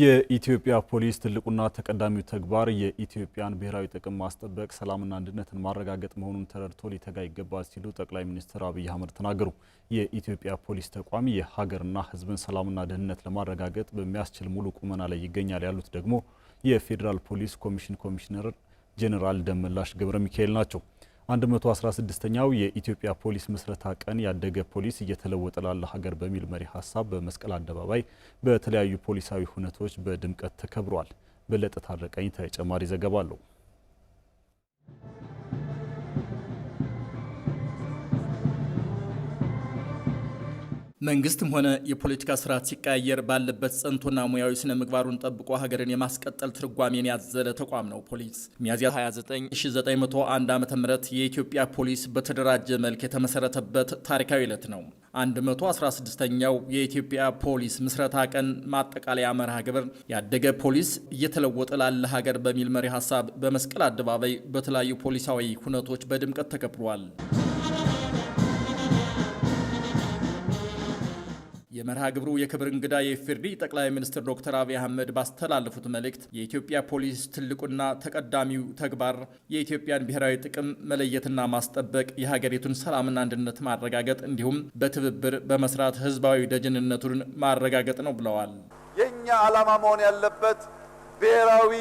የኢትዮጵያ ፖሊስ ትልቁና ተቀዳሚው ተግባር የኢትዮጵያን ብሔራዊ ጥቅም ማስጠበቅ፣ ሰላምና አንድነትን ማረጋገጥ መሆኑን ተረድቶ ሊተጋ ይገባል ሲሉ ጠቅላይ ሚኒስትር አብይ አህመድ ተናገሩ። የኢትዮጵያ ፖሊስ ተቋም የሀገርና ሕዝብን ሰላምና ደህንነት ለማረጋገጥ በሚያስችል ሙሉ ቁመና ላይ ይገኛል ያሉት ደግሞ የፌዴራል ፖሊስ ኮሚሽን ኮሚሽነር ጄኔራል ደመላሽ ገብረ ሚካኤል ናቸው። 116ኛው የኢትዮጵያ ፖሊስ ምስረታ ቀን ያደገ ፖሊስ እየተለወጠ ላለ ሀገር በሚል መሪ ሀሳብ በመስቀል አደባባይ በተለያዩ ፖሊሳዊ ሁነቶች በድምቀት ተከብሯል። በለጠ ታረቀኝ ተጨማሪ ዘገባ አለው። መንግስትም ሆነ የፖለቲካ ስርዓት ሲቀያየር ባለበት ጸንቶና ሙያዊ ስነ ምግባሩን ጠብቆ ሀገርን የማስቀጠል ትርጓሜን ያዘለ ተቋም ነው ፖሊስ። ሚያዝያ 29901 ዓ ም የኢትዮጵያ ፖሊስ በተደራጀ መልክ የተመሰረተበት ታሪካዊ ዕለት ነው። 116ኛው የኢትዮጵያ ፖሊስ ምስረታ ቀን ማጠቃለያ መርሃ ግብር ያደገ ፖሊስ እየተለወጠ ላለ ሀገር በሚል መሪ ሀሳብ በመስቀል አደባባይ በተለያዩ ፖሊሳዊ ሁነቶች በድምቀት ተከብሯል። የመርሃ ግብሩ የክብር እንግዳ የኢፌዴሪ ጠቅላይ ሚኒስትር ዶክተር አብይ አህመድ ባስተላለፉት መልእክት የኢትዮጵያ ፖሊስ ትልቁና ተቀዳሚው ተግባር የኢትዮጵያን ብሔራዊ ጥቅም መለየትና ማስጠበቅ፣ የሀገሪቱን ሰላምና አንድነት ማረጋገጥ እንዲሁም በትብብር በመስራት ህዝባዊ ደጀንነቱን ማረጋገጥ ነው ብለዋል። የእኛ ዓላማ መሆን ያለበት ብሔራዊ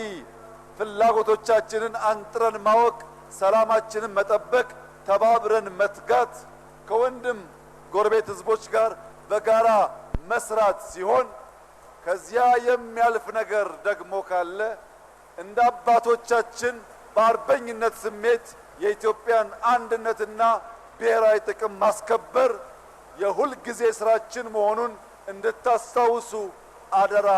ፍላጎቶቻችንን አንጥረን ማወቅ፣ ሰላማችንን መጠበቅ፣ ተባብረን መትጋት ከወንድም ጎረቤት ህዝቦች ጋር በጋራ መስራት ሲሆን ከዚያ የሚያልፍ ነገር ደግሞ ካለ እንደ አባቶቻችን በአርበኝነት ስሜት የኢትዮጵያን አንድነትና ብሔራዊ ጥቅም ማስከበር የሁል ጊዜ ስራችን መሆኑን እንድታስታውሱ አደራ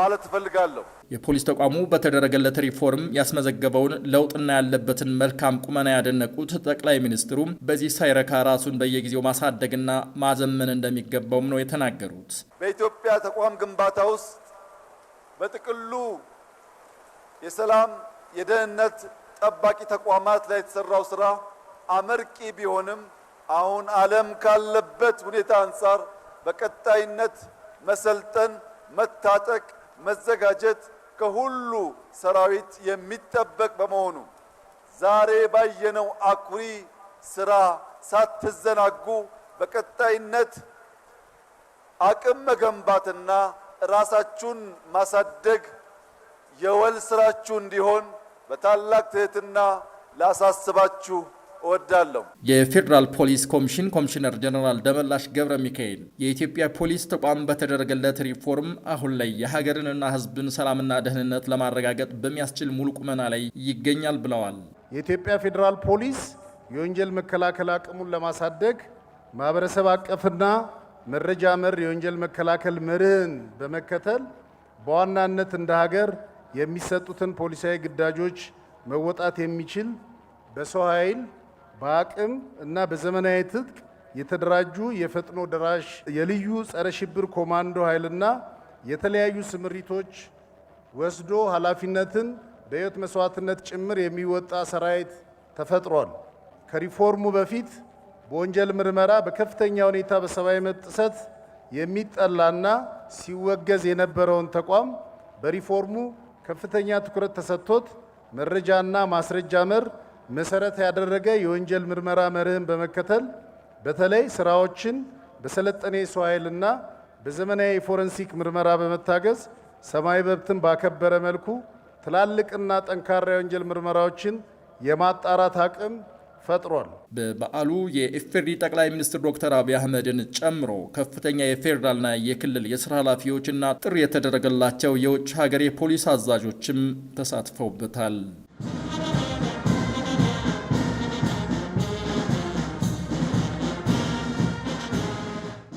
ማለት እፈልጋለሁ። የፖሊስ ተቋሙ በተደረገለት ሪፎርም ያስመዘገበውን ለውጥና ያለበትን መልካም ቁመና ያደነቁት ጠቅላይ ሚኒስትሩ በዚህ ሳይረካ ራሱን በየጊዜው ማሳደግና ማዘመን እንደሚገባውም ነው የተናገሩት። በኢትዮጵያ ተቋም ግንባታ ውስጥ በጥቅሉ የሰላም የደህንነት ጠባቂ ተቋማት ላይ የተሰራው ስራ አመርቂ ቢሆንም አሁን ዓለም ካለበት ሁኔታ አንጻር በቀጣይነት መሰልጠን፣ መታጠቅ፣ መዘጋጀት ከሁሉ ሰራዊት የሚጠበቅ በመሆኑ ዛሬ ባየነው አኩሪ ስራ ሳትዘናጉ በቀጣይነት አቅም መገንባትና ራሳችሁን ማሳደግ የወል ስራችሁ እንዲሆን በታላቅ ትህትና ላሳስባችሁ እወዳለሁ። የፌዴራል ፖሊስ ኮሚሽን ኮሚሽነር ጀነራል ደመላሽ ገብረ ሚካኤል የኢትዮጵያ ፖሊስ ተቋም በተደረገለት ሪፎርም አሁን ላይ የሀገርንና ሕዝብን ሰላምና ደህንነት ለማረጋገጥ በሚያስችል ሙሉ ቁመና ላይ ይገኛል ብለዋል። የኢትዮጵያ ፌዴራል ፖሊስ የወንጀል መከላከል አቅሙን ለማሳደግ ማህበረሰብ አቀፍና መረጃ መር የወንጀል መከላከል መርህን በመከተል በዋናነት እንደ ሀገር የሚሰጡትን ፖሊሳዊ ግዳጆች መወጣት የሚችል በሰው ኃይል በአቅም እና በዘመናዊ ትጥቅ የተደራጁ የፈጥኖ ደራሽ የልዩ ጸረ ሽብር ኮማንዶ ኃይልና የተለያዩ ስምሪቶች ወስዶ ኃላፊነትን በሕይወት መስዋዕትነት ጭምር የሚወጣ ሰራዊት ተፈጥሯል። ከሪፎርሙ በፊት በወንጀል ምርመራ በከፍተኛ ሁኔታ በሰብአዊ መብት ጥሰት የሚጠላና ሲወገዝ የነበረውን ተቋም በሪፎርሙ ከፍተኛ ትኩረት ተሰጥቶት መረጃና ማስረጃ መር መሰረት ያደረገ የወንጀል ምርመራ መርህን በመከተል በተለይ ስራዎችን በሰለጠነ የሰው ኃይልና በዘመናዊ የፎረንሲክ ምርመራ በመታገዝ ሰብአዊ መብትን ባከበረ መልኩ ትላልቅና ጠንካራ የወንጀል ምርመራዎችን የማጣራት አቅም ፈጥሯል። በበዓሉ የኢፌዴሪ ጠቅላይ ሚኒስትር ዶክተር አብይ አህመድን ጨምሮ ከፍተኛ የፌዴራልና የክልል የስራ ኃላፊዎችና ጥሪ የተደረገላቸው የውጭ ሀገር የፖሊስ አዛዦችም ተሳትፈውበታል።